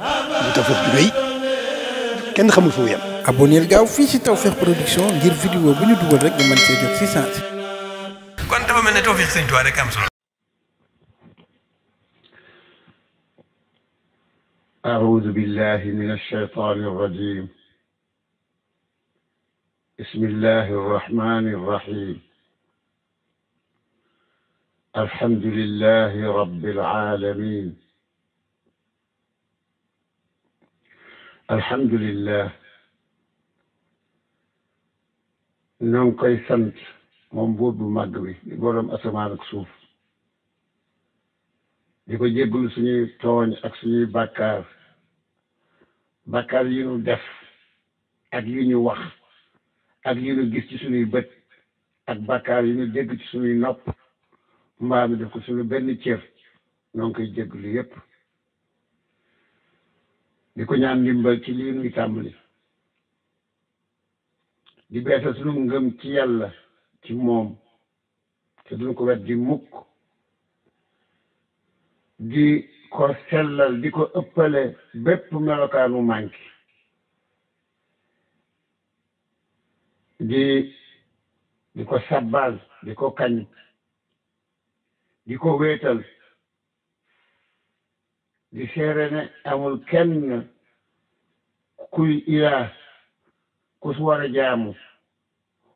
muy Tawfekh ju rëy kenn xamul fu mu yem. abonneel gaaw fii ci Tawfekh Production ngir vidéo bu ñu dugal rek nga mën see jot si sens. kon dafa mel ne Tawfekh Sëriñ Tuubaa rek am solo. أعوذ بالله من الشيطان الرجيم بسم الله الرحمن الرحيم الحمد لله رب العالمين alhamdu lillah ñoo ngi koy sant moom buur bu màgg bi di boroom asamaan ak suuf di ko jéggul suñuy tooñ ak suñuy bàkkaar bàkkaar yi ñu def ak yi ñu wax ak yi ñu gis ci suñuy bët ak bàkkaar yu ñu dégg ci suñuy nopp mbaam mi def ko suñu benn cër ñoo ngi koy jéggulu yépp di ko ñaan ndimbal ci lii nuy tàmbali di beesal sunu ngëm ci yàlla ci moom te duñ ko wet di mukk di ko sellal di ko ëppale bépp melokaanu manki di di ko sabbal di ko kañ di ko wéetal di seere ne amul kenn kuy ilaa ku su war a jaamu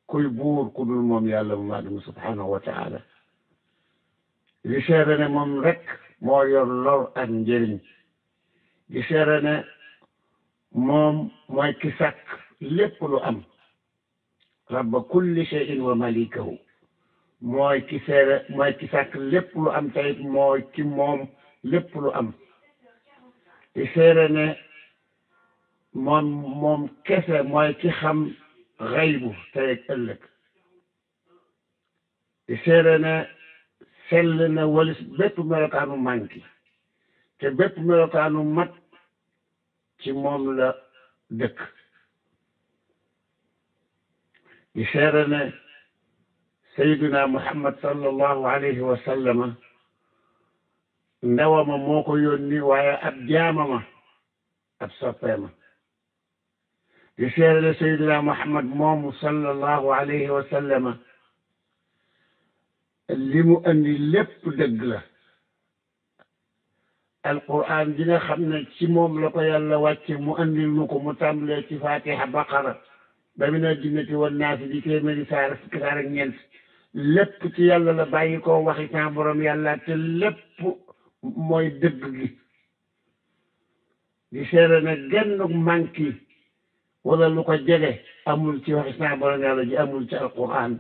kuy buur ku dul moom yàlla mu màgg subhanahu wa taala di seere moom rek moo yor lor ak njëriñ di seere ne moom ki sàkk lépp lu am rabba kulli shay'in wa malikahu mooy ki seere mooy ki sàkk lépp lu am tayit mooy ki moom lépp lu am di seere ne moom moom kese mooy ki xam xaybu tey ak ëllëg di seere ne sell na walis bépp melokaanu manki te bépp melokaanu mat ci moom la dëkk di seere ne sayyiduna muhammad sallallahu alayhi wa ndawama moo ko yónni waaye ab jaamama ab soppeema di seerale sayyidina Muhammad moomu sallallahu alayhi wa li mu andi lépp dëgg la alquran di nga xam ne ci moom la ko yàlla mu andil nu mu tàmbalee ci fatiha baqara ba mi na jinnati wan naasi di téeméeri saar fukki saar ak ñeent lépp ci yàlla la bàyyi koo waxi sa borom te lépp mooy dëgg gi di seere ne genn manki wala lu ko jege amul ci waxi saa borom yàlla ji amul ci alquran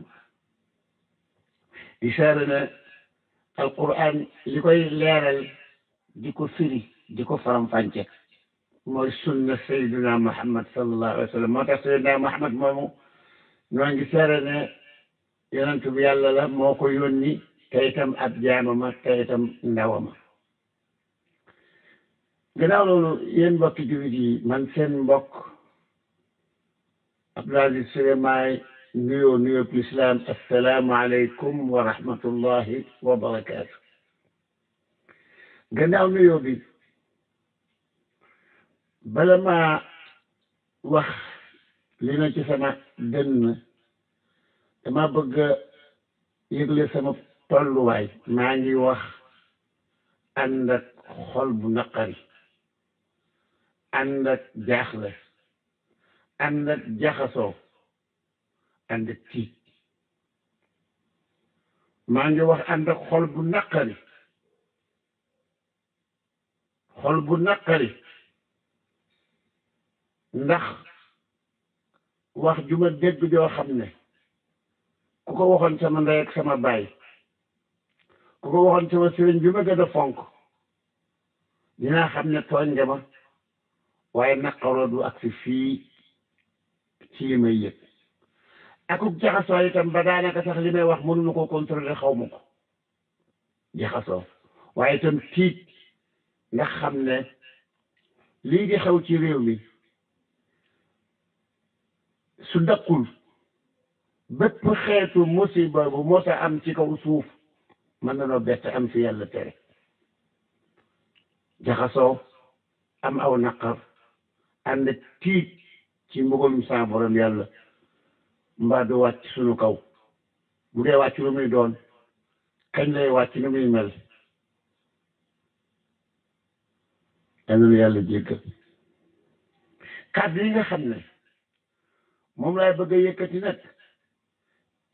di seere ne alquran li koy leeral di ko firi di ko faram-fànce mooy sunna sayyidina muhammad sallallahu alayhi moo tax sayyidina muhammad moomu ñoo ngi seere ne yonent bi yàlla la moo ko yónni te itam ab jaamama te itam ndawama a loolu yéen mbokki jullit yi man seen mbokk Abdoul Aziz Souleymane nuyoo nuyoo bi lislaam asalaamaaleykum wa rahmatullahi wa barakaatu gannaaw nuyoo bi bala maa wax li na ci sama dënn dama bëgg a yëgle sama tolluwaay maa ngi wax ànd ak xol bu naqari ànd ak jaaxle ànd ak jaxasoo ànd ak tiit maa ngi wax ànd ak xol bu naqari xol bu naqari ndax wax ju ma dégg joo xam ne ku ko waxoon sama ndey sama baay ku ko waxoon sama sëriñ bi ma gën a fonk dinaa xam ne tooñ nga ma waaye naqaroo du agsi fii ci li may yëg akub jaxasoo itam ba daanaka sax li may wax mënuma koo contrôler xaw ma ko jaxasoo waaye itam tiit nga xam ne lii di xew ci réew mi su dakkul bépp xeetu musiba bu mos a am ci kaw suuf mën na noo bett am fi yàlla tere jaxasoo am aw naqar ànd tiit ci mbugalum saa borom yàlla mbaa du wàcc suñu kaw bu dee wàcc lu muy doon kañ lay wàcc lu muy mel yàlla yàlla jéggal kàddu yi nga xam ne moom laay bëgg a yëkkati nag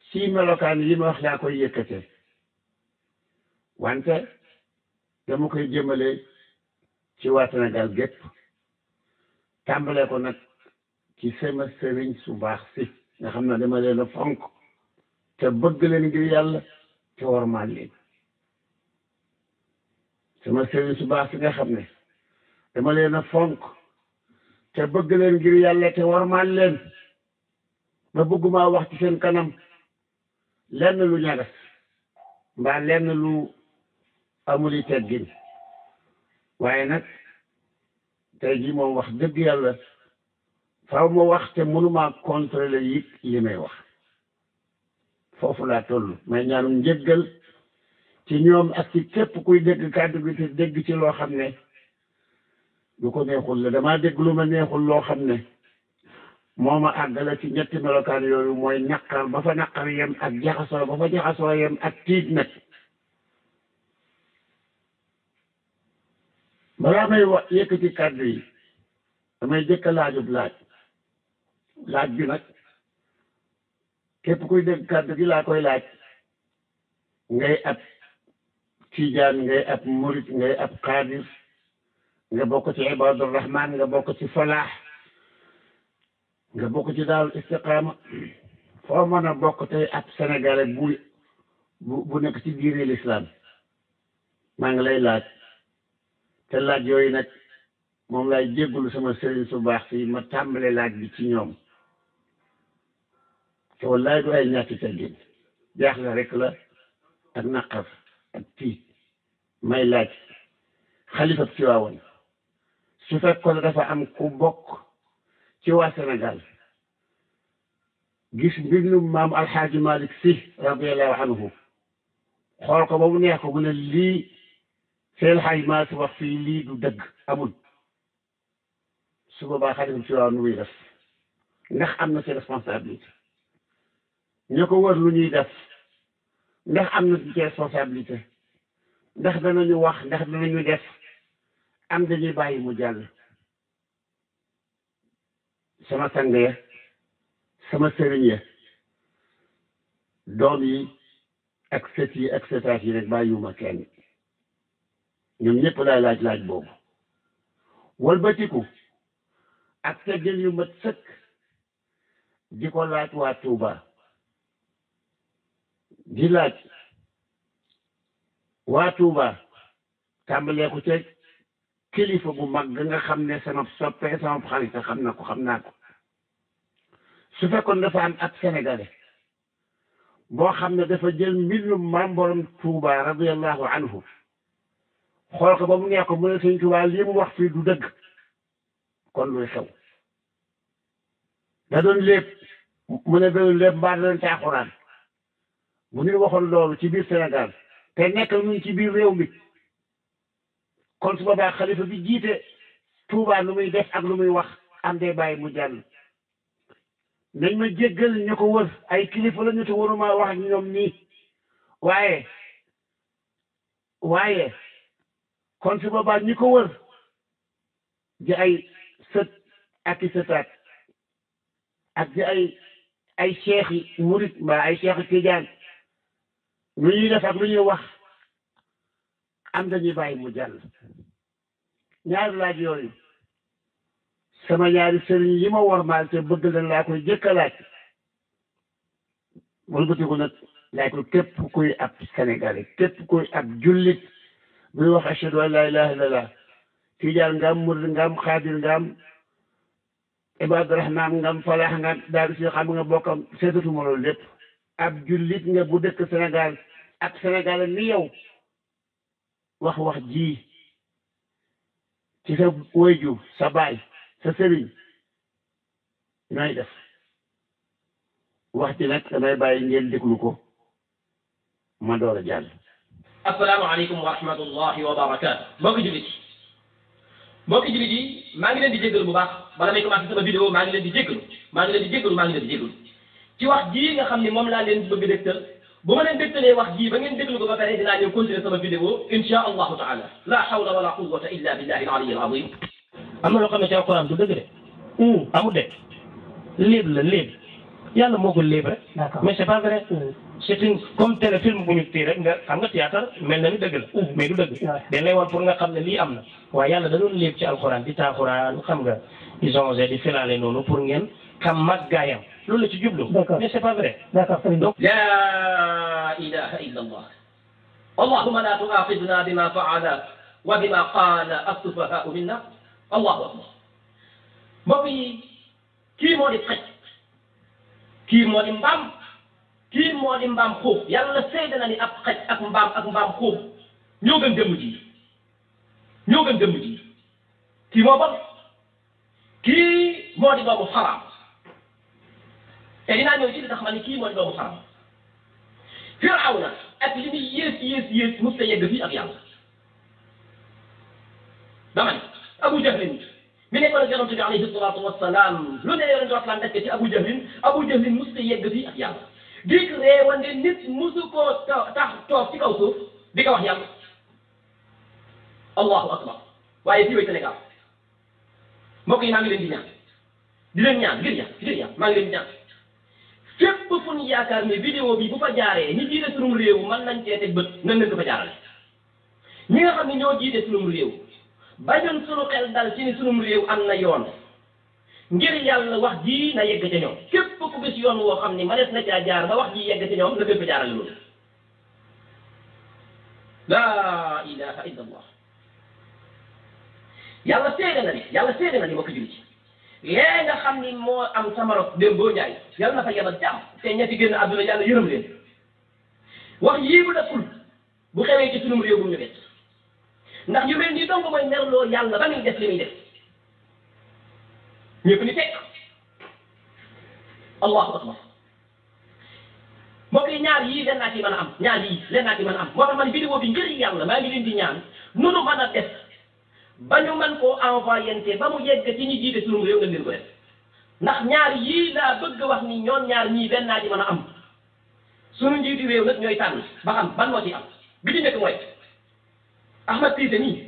ci melokaan yi ma wax laa koy yëkkatee wante dama koy jëmale ci waat waa Sénégal gépp tàmbale ko nag ci sama sëriñ su baax si nga xam na dama leen a fonk te bëgg leen ngir yàlla te wormaal leen su baax si nga xam ne dama leen a fonk te bëgg yàlla te wormaal leen ma bëgguma wax ci seen kanam lenn lu ñagas mbaa lenn lu amuli teggin waaye nag tey jii moom wax dëgg yàlla faaw ma wax te mënumaa contrôler yi li may wax foofu laa toll may ñaanum njëggal ci ñoom ak ci képp kuy dégg kàddu gi te dégg ci loo xam ne lu ko neexul la damaa dégg lu ma neexul loo xam ne moo ma àggale ci ñetti melokaan yooyu mooy naqar ba fa naqar yem ak jaxasoo ba fa jaxasoo yem ak tiit nag balaa may wax yëkkati kàddu yi damay jëkk laajub laaj laaj bi nag képp kuy dégg kàddu gi laa koy laaj ngay ab tijaan ngay ab murit ngay ab xaadir nga bokk ci ibadur rahman nga ci falaax nga bokk ci daalul istiqaama foo mën a bokk tey bu bu nekk ci biir l'islam maa ngi lay laaj te laaj yooyu nag moom laay jéggulu sama sëriñ su baax fii ma tàmbale laaj bi ci ñoom te wallaay du ay ñàkki teggin jaaxle rek la ak naqar ak tiit may laaj xalifa ci waawoon su fekkoon dafa am ku bokk ci waa senegal gis mbindum maam alxaaji Malick si radiallahu anhu xool ko ba mu neex ko mu ne lii seen xay maa si wax fii lii du dëgg amul su boobaa xaritam ci waaw nu muy def ndax am na ci responsabilité ña ko wër lu ñuy def ndax am na ci responsabilité ndax danañu wax ndax danañu def am dañuy bàyyi mu jàll sama sang ya sama sëriñ ya doom yi ak sët yi ak sëtaat yi rek bàyyiwuma kenn ñoom ñëpp laay laaj laaj boobu walbatiku ak teggin yu mat sëkk di ko laaj waa tuuba di laaj waa Touba tàmbalee ko ceeg kilifa bu mag nga xam ne sama soppee sama xarit xam na ko xam naa ko su fekkoon dafa am ab sénégalais boo xam ne dafa jël mbirum maam borom Touba radiyallahu anhu xool ko ba mu neex ko mu ne sëñ Tuubaa lii mu wax fii du dëgg kon luy xew da doon lépp mu ne doon lépp mbaa doon caaxuraan bu ñu waxoon loolu ci biir Sénégal te nekk ñu ci biir réew mi kon su boobaa xalifa bi jiite Tuubaa lu muy def ak lu muy wax am dee bàyyi mu jàll nañ ma jéggal ñu ko wër ay kilifa la ñu te waruma wax ñoom nii waaye waaye kon su boobaa ñi ko wër di ay sët ak i sëtaat ak di ay ay cheikh yi murit mbaa ay cheikh yi lu ñuy def lu ñuy wax am dañuy bàyyi mu jàll ñaari laaj yooyu sama ñaari sëriñ yi ma wormaal te bëgg leen laa koy jëkka laaj wëlbatiku nag laaj ko képp kuy ab sénégalais képp kuy ab jullit muy wax ashhadu an laa ilaaha illallah ngam murid ngam xaadir ngam ibaadu rahmaan ngam falaax ngam daal si xam nga bokkam seetatuma loolu ab jullit nga bu dëkk Sénégal ak Sénégal ni yow wax wax ji ci sa wayju sa baay sa sëriñ nooy def wax ji nag damay bàyyi ngeen déglu ko ma door a jàll asalaamaaleykum wa rahmatullahi wa barakaatu mbokki jullit yi mbokki jullit yi maa ngi leen di jégalu bu baax bala may commencé sama vidéo maa ngi leen di jégalu maa ngi leen di jégalu maa ngi leen di jégalu ci wax jii nga xam ne moom laa leen bëgg dégtal bu ma leen dégtalee wax jii ba ngeen déglu ko ba pare dinaa ñëw continuer sama vidéo insha allahu taala la hawla wala quwwata illa billahi al-aliyyi al-azim am na loo xam ne ci alquran du dëgg de mm. amul de léeb la léeb yàlla moo ko libre mais c'est pas vrai mm. c'est une comme téléfilm bu ñu tii rek nga xam nga théâtre mel na ni dëgg la mm. mais du dëgg dañ lay wan nga xam ne lii am na waaye yàlla da doon libre ci alxuraan di taaxuraan xam nga isonge di filaale noonu pour ngeen xam màggaayam loolu la ci jublu mais c'est pas vrai donc la ilaha illa allah allahumma la tu'akhidna bima fa'ala wa bima qala as-sufahaa'u minna allahu akbar mbokk yi kii moo di xaj kii moo di mbaam kii moo di mbaam xuux yàlla seede na ni ab xaj ak mbaam ak mbaam xuux ñoo gën jëmm ji ñoo gën jëmm ji kii moo bon kii moo di doomu xaraam te dinaa li tax ni kii moo di doomu xaraam Firawna ak li muy yées yées yées mos a yegg fii ak yàlla dama ni Abu Jahl bi nekkoon yonent bi alayhi salaatu wasalaam lu ne yonent wasalaam def ko ci Abu Jahlin Abu Jahlin mos a yegg fii ak yàlla dikk reewande nit mosu koo tax toog ci kaw suuf di ko wax yàlla allahu akbar waaye fii way Sénégal mbokk yi maa ngi leen di ñaan di leen ñaan ngir ñaan ngir ñaan maa ngi leen di ñaan fépp fu ñu yaakaar ne vidéo bi bu fa jaaree ñi jiite sunum réew mën nañ cee teg bët nan leen ko fa jaarale ñi nga xam ne ñoo jiite sunum réew bañoon sunu xel dal ci ni sunum réew am na yoon ngir yàlla wax ji na yegg ca ñoom képp ku gis yoon woo xam ni manees na caa jaar ba wax ji yegg ca ñoom na fépp jaarale loolu laa yàlla na yàlla seede na ni bokk julli na fa yebal jàmm te ña ci génn àdduna yàlla yërëm leen wax yii bu deful bu xewee ci sunum réew bu mu ñu ndax ñu mel nii dong mooy merloo yàlla ba muy def li muy def ñëpp ni teg allahu akbar mbokk yi ñaar yii leen ci mën a am ñaar yii leen naa ci mën a am moo tax man vidéo bi ngir yàlla maa ngi leen di ñaan nunu mën a def ba ñu mën koo envoyé ba mu yegg ci ñi jiite sunu réew nga leen ko def ndax ñaar yii laa bëgg wax ni ñoom ñaar ñii benn naa ci mën a am sunu njiitu réew nag ñooy tànn ba xam ban moo ci am bi ci nekk mooy. Ahmad Cissé nii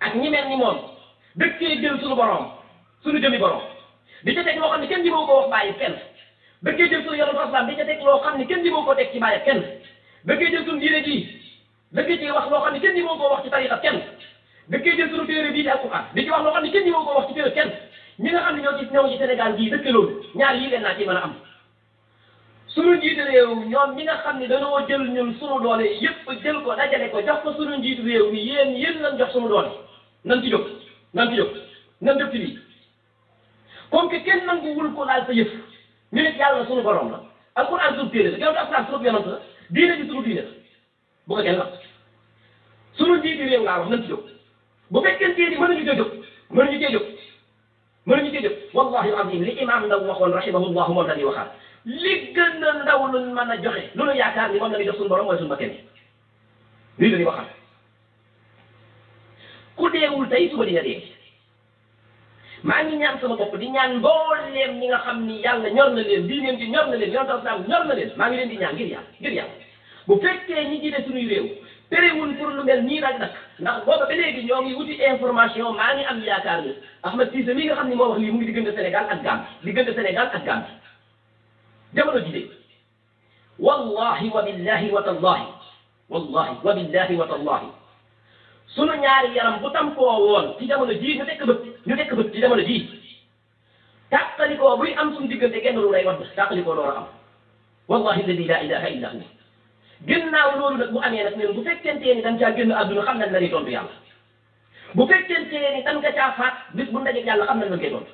ak ñi mel ni moom dëkk see jël suñu borom suñu jëmi borom di ca teg loo xam ne kenn ji moo ko wax bàyyi kenn dëkk see jël suñu yoonu islam di ca teg loo xam ne kenn ji moo ko teg ci bàyyi kenn dëkk see jël suñu diine ji dëkk ci wax loo xam ne kenn ji moo ko wax ci tariqa kenn dëkk see jël suñu téere bii di alquran di ci wax loo xam ne kenn ji moo ko wax ci téere kenn ñi nga xam ne ñoo ci ñëw ci Sénégal gii dëkk loolu ñaar yii leen naa ci mën a am sunu njiitu réew ñoom ñi nga xam ne dañoo jël ñun sunu doole yëpp jël ko dajale ko jox ko sunu njiitu réew mi yéen yéen lañ jox sunu doole nan ci jóg nan ci jóg nan dëpp lii comme que kenn nanguwul ko laal sa yëf ñu ne yàlla sunu borom la alquran sunu téere na gannaaw alquran sunu sunu diine la bu ko kenn la sunu njiitu réew laa wax nan ci jóg bu fekkee ni mënuñu cee jóg mënuñu cee jóg mënuñu cee jóg wallahi azim li imam ndaw waxoon rahimahullah moom la ñuy waxaat li gën a ndaw mën a joxe loolo nu yaakaar ni moom la ñuy jox suñu borom mooy suñu bakkan yi lii la ñuy waxal ku deewul tey suba di nga dee maa ngi ñaan sama bopp di ñaan mbooleem ñi nga xam ni yàlla ñor na leen diineen ji ñor na leen yoon islam ñor na leen maa ngi leen di ñaan ngir yàlla ngir yàlla bu fekkee ñi jiite suñuy réew terewul pour lu mel nii nag nag ndax ba léegi ñoo ngi wuti information maa ngi am yaakaar ni Ahmed Cissé nga xam ni moo wax lii mu ngi diggante Sénégal ak Gambie diggante Sénégal ak jamono ji de wallahi wa billahi wa tallahi wallahi wa billahi wa tallahi sunu ñaari yaram bu tam koo woon ci jamono ji ñu nekk bët ñu nekk bët ci jamono ji tàqalikoo buy am suñu diggante genn lu lay wadd tàqalikoo door a am wallahi alladi la ilaha illa hu ginnaaw loolu nag bu amee nag ñun bu fekkentee ni dañ caa génn àdduna xam nañ la ñuy tontu yàlla bu fekkentee ni dañ nga ca faat bis bu ndaje yàlla xam nañ la koy tontu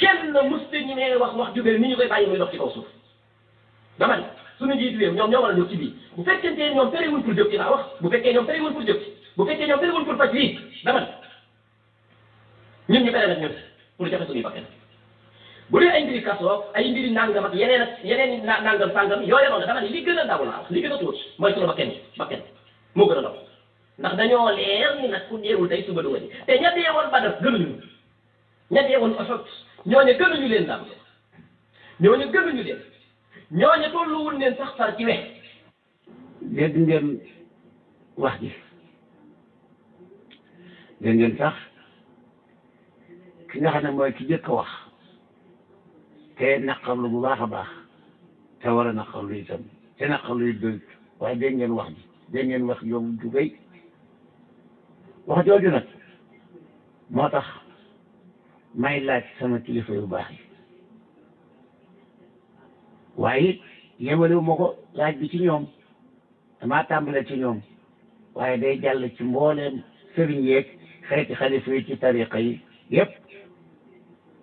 kenn mës ñu ne wax wax jubel ni ñu koy bàyyi muy dox ci kaw suuf dama ne suñu jiitu réew ñoom ñoo war a jóg ci bii bu fekkente ñoom terewul pour jóg ci laa wax bu fekkee ñoom terewul pour jóg ci bu fekkee ñoom terewul pour faj lii dama ne ñun ñu bere nag ñun pour joxe suñuy bakkan bu dee ay mbiri kaso ay mbiri nangam ak yeneen ak yeneen nangam sangam yooyu noonu dama ne li gën a ndaw laa wax li gën a tuut mooy suñu bakkan bakkan moo gën a ndaw ndax dañoo leer ni nag ku deewul tey suba du nga ji te ña deewoon Badar gënuñu ña deewoon Uhud ñooñu gënuñu leen ndam leen ñooñu gënuñu leen ñooñu tolluwul leen sax far ci wex wax ji dégg ngeen sax ki nga xam ne mooy ki jëkk a wax te naqarlu bu baax a baax te war a naqarlu itam te naqarlu it doyut waaye dégg ngeen wax ji dégg ngeen wax yow ju béy wax jooju nag moo tax may laaj sama kilifa yu baax yi waaye it yemalewu ko laaj bi ci ñoom damaa tàmbale ci ñoom waaye day jàll ci mbooleem sëriñ yeeg xeeti xalifa yi ci tariqa yi yépp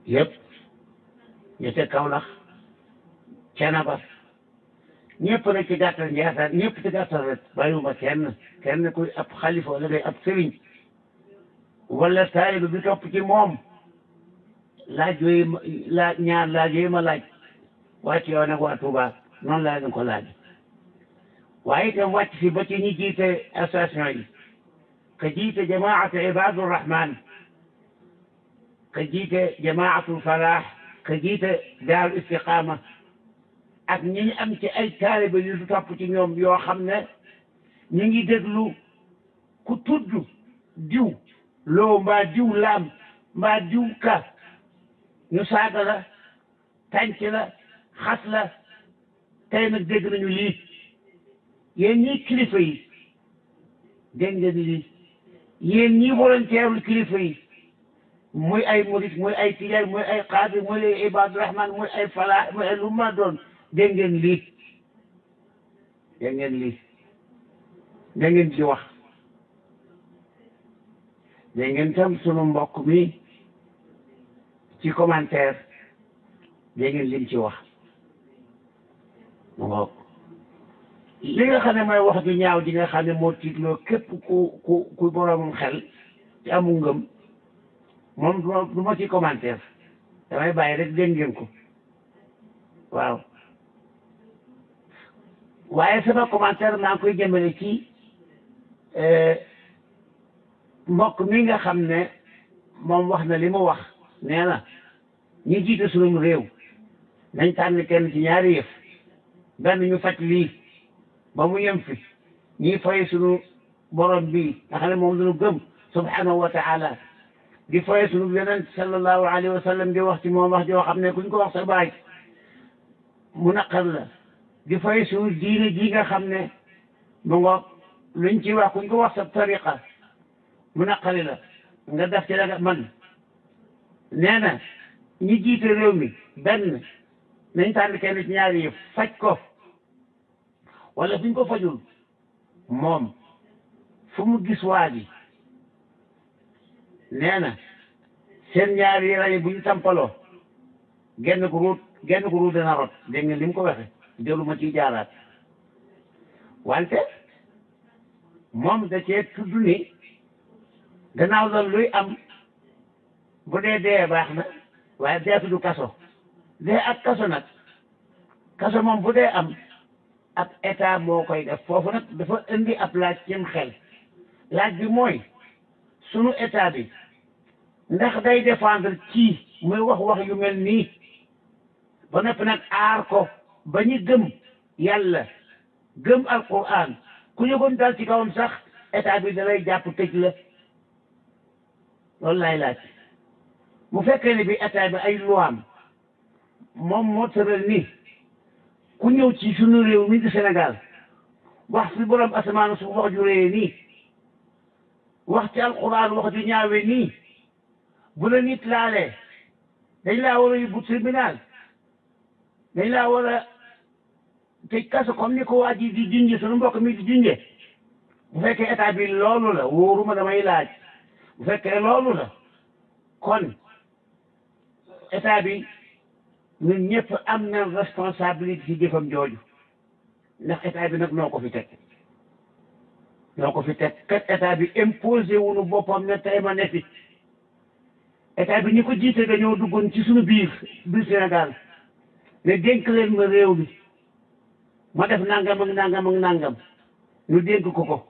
yépp ñu te Kawlax Ceenaba ñëpp nag ci gàttal Njaasaan ñëpp ci gàttal rek bàyyiwuma kenn kenn kuy ab xalifa wala ngay ab sëriñ wala taalibe bi topp ci laaj yooyu ma laaj ñaar laaj yooyu ma laaj wàcc yow nag laa leen ko laaj waaye itam wàcc si ba ci ñi jiite association yi ka jiite jamaatu ibadu rahman ka jiite jamaatu falaax ka jiite daaru istiqaama ak ñi ñu am ci ay taaliba yu topp ci ñoom yoo xam ne ñu ngi déglu ku tudd diw loo mbaa diw laam mbaa diw ka ñu saaga la tànc la xas la tey nag dégg nañu lii yéen kilifa yi dégg ngeen lii yéen ñii volontaire kilifa yi muy ay murit muy ay tijaay muy ay xaadir muy ay ibadurahman muy ay falaa muy ay lu ma doon dégg ngeen lii dégg ngeen lii wax da ngeen tam sunu mbokk mi ci commentaire dégg ngeen lim ci wax mu ngoog li nga xam ne mooy wax ju ñaaw di nga xam ne moo tiitloo képp ku ku ku boroomam xel te amu ngëm moom du ma ci commentaire damay bàyyi rek dégg ngeen ko waaw waaye sama commentaire maa koy jëmale ci eh, mbokk mi nga xam ne moom wax na li mu wax nee na ñi jiite suñu réew nañ tànn kenn ci ñaari yëf benn ñu faj lii ba mu yem fi ñi fay suñu borom bi nga xam ne moom lañu gëm subhanahu wa taala di fay suñu yonent sallallahu alayhi wa sallam di wax ci moom wax joo xam ne kuñ ko wax sa baay mu naqar la di fay suñu diine ji nga xam ne mu ngoog luñ ci wax kuñ ko wax sa tariqa mu naqari la nga def ci la man nee na ñi jiite réew mi benn nañ tànn kenn ñaari yi faj ko wala buñ ko fajul moom fu mu gis waa ji seen ñaari rajo bu ñu tampaloo genn ko ruut genn ko ruut dana rot dégg ngeen li ko waxe dellu ma ciy jaaraat wante moom da cee tudd ni gannaaw la luy am bu dee dee baax na waaye dee du kaso dee ak kaso nag kaso moom bu dee am ab état moo koy def foofu nag dafa indi ab laaj cim xel laaj bi mooy sunu état bi ndax day défendre kii muy wax wax yu mel nii ba noppi nag aar ko ba ñu gëm yàlla gëm alquran ku yëgoon dal ci kawam sax état bi dalay jàpp tëj la loolu laay laaj bu fekkee ne bi état bi ay luwaam moom moo tëral ni ku ñëw ci sunu réew mi senegal Sénégal wax fi borom asamaan su wax ju rëyee nii wax ci alquran wax ju ñaawee nii bu la nit laalee dañ laa war a yóbbu tribunal dañ laa war a tëj kaso comme ni ko waa ji di junje sunu mbokk mi di junje bu fekkee état bi loolu la wóoruma damay laaj bu fekkee loolu la kon état bi ñun ñëpp am na responsabilité ci jëfam jooju ndax état bi nag noo ko fi teg noo ko fi teg kat état bi imposé wunu boppam ne tey ma ne fi état bi ñi ko jiite dañoo duggoon ci suñu biir biir Sénégal ne dénk leen ma réew mi ma def nangam ak nangam ak nangam ñu dénk ko ko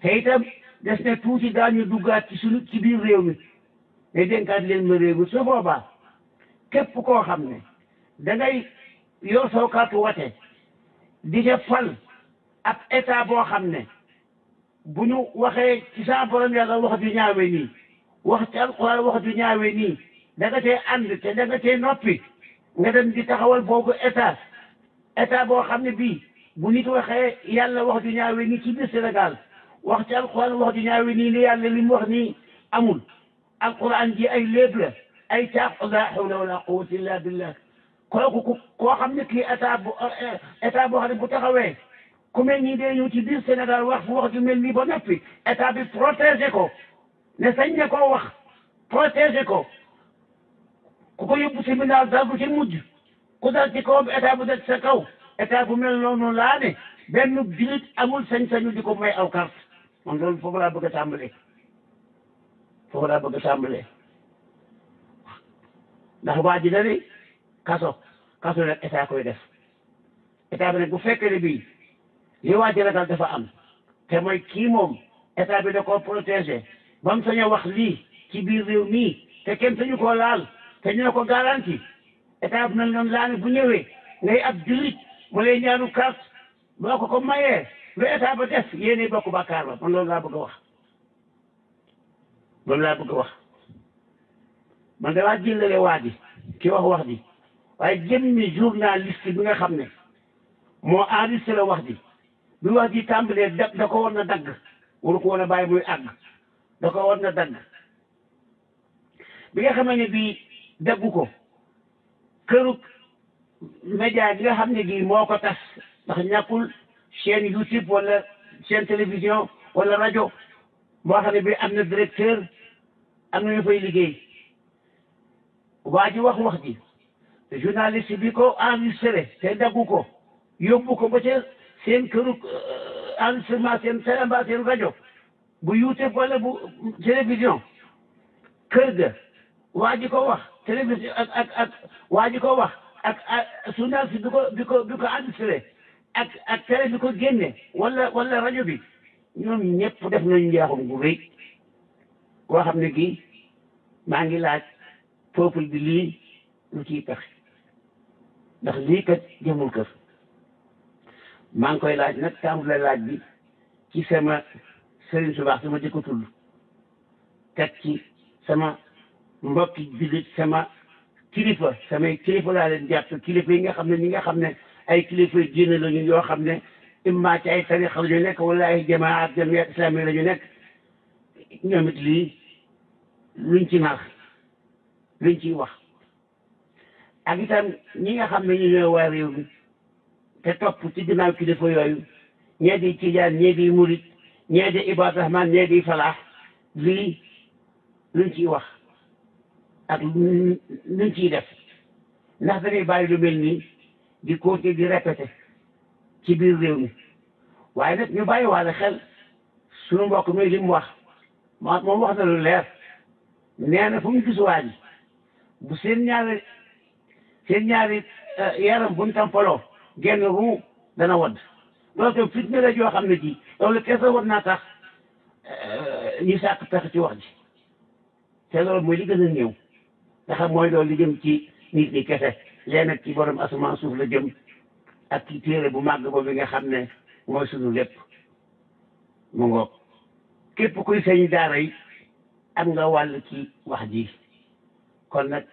te des ne tuuti daañu duggaat ci suñu ci biir réew mi ne dénkaat leen ma réew mi su boobaa képp koo xam ne dangay ngay soo kàttu wate di ca fal ab état boo xam ne bu ñu waxee ci saa borom yàlla wax ju ñaawe nii wax ci alquran wax ju ñaawe nii da nga ànd te da nga noppi nga dem di taxawal boobu état état boo xam ne bii bu nit waxee yàlla wax ju ñaawe nii ci biir Sénégal wax ci alquran wax ju ñaawe nii li yàlla li wax nii amul alquran ji ay léeb la ay caaqu la hawla wala quwwata illa billah kooku ku koo xam ne kii état bu eh, état boo xam ne bu taxawee ku mel nii day ñëw ci biir Sénégal wax fu wax ju mel nii ba noppi état bi protégé ko ne sañ ko koo wax protégé ko ku ko yóbbu si minaal dal ci mujj ku dal ci kawam état bu dal sa kaw état mel noonu laa ne benn jullit amul sañ-sañu di ko may aw man loolu foofu laa bëgg a tàmbali foofu laa bëgg a tàmbalee ndax waa ji dani kaso kaso nag état koy def état bi nag bu fekkee ne bii li waa ji dafa am te mooy kii moom état bi da koo protégé ba mu wax lii ci biir réew mii te kenn sañu koo laal te ñoo ko garanti état bi mel noonu laa bu ñëwee ngay ab jullit mu lay ñaanu carte boo ko ko mayee lu état ba def yéene bokk bàkkaar ba man loolu laa bëgg a wax loolu laa bëgg wax man damaa jëllale waa ji ki wax wax ji waaye jëmmi journaliste bi nga xam ne moo enregistré la wax ji bi wax ji tàmbalee da da ko war na dagg waru ko war a bàyyi muy àgg da ko war na dagg bi nga xam ne bii daggu ko këru média bi nga xam ne gii moo ko tas ndax ñàkkul chaîne YouTube walla chaîne télévision walla rajo boo xam ne bii am na directeur am na ñu fay liggéey waa ji wax wax ji journaliste bi ko enregistré te daggu ko yóbbu ko ba ca seen këru euh, enregistrement seen seramba seen rajo bu youtube walla bu télévision kër ga waa ji ko wax télévision ak ak ak waa ji ko wax ak journaliste bi ko bi ko bi ko enregistré ak ak télé bi ko génne walla wala rajo bi ñoom ñëpp def nañu njaaxum gu rëy koo xam ne kii maa ngi laaj peuple bi lii lu ciy pexe ndax lii kat jëmul kër maa ngi koy laaj nag tàmbale laaj bi ci sama sëriñ su baax sama di ko tudd teg ci sama mbokki jullit sama kilifa samay kilifa laa leen jàpp kilifa yi nga xam ne ñi nga xam ne ay kilifa diine lañu yoo xam ne imma ci ay tarixa la nekk wala ay jamaat jamiat islami la ñu nekk ñoom it lii luñ ci naax luñ ciy wax ak itam xam ne ñu ñoo waa réew mi te topp ci ginnaaw kilifa yooyu ñee di tijaan ñee di murit ñee di ibaadu rahmaan ñee di falaax lii wax ak luñ ciy def ndax dañuy bàyyi lu mel nii di côté di répété ci biir réew mi waaye nag ñu bàyyi waale xel suñu mbokk mi li mu wax maa moom wax na lu leer nee na fu mu gis waa ji bu seen ñaari seen ñaari eh, yaram bu ñu tampaloo genn ruu dana wadd loolu itam fitna la joo xam ne ji loolu kese war naa tax eh, ñu sàkk pexe ci wax ji te loolu mooy li gën a néew ndax mooy loolu li jëm ci nit ñi kese leen ak ci borom asamaan suuf la jëm ak ci téere bu màgg boobu nga xam ne mooy sunu lépp mu ngoog képp kuy sëñ daara yi am nga wàll ci wax ji kon nag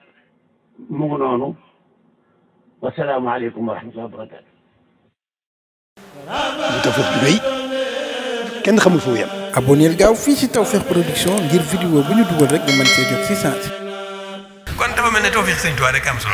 mu ngi noonu wasalaamaaleykum wa rahmatulah wa barakaatu. bu Tawfekh jugee kenn xamul fu mu yem. gaaw fii ci Tawfekh production ngir vidéo bu ñu dugal rek nga mën cee jot si kon dafa mel ne Tawfekh sëñ Tuubaa rek am solo.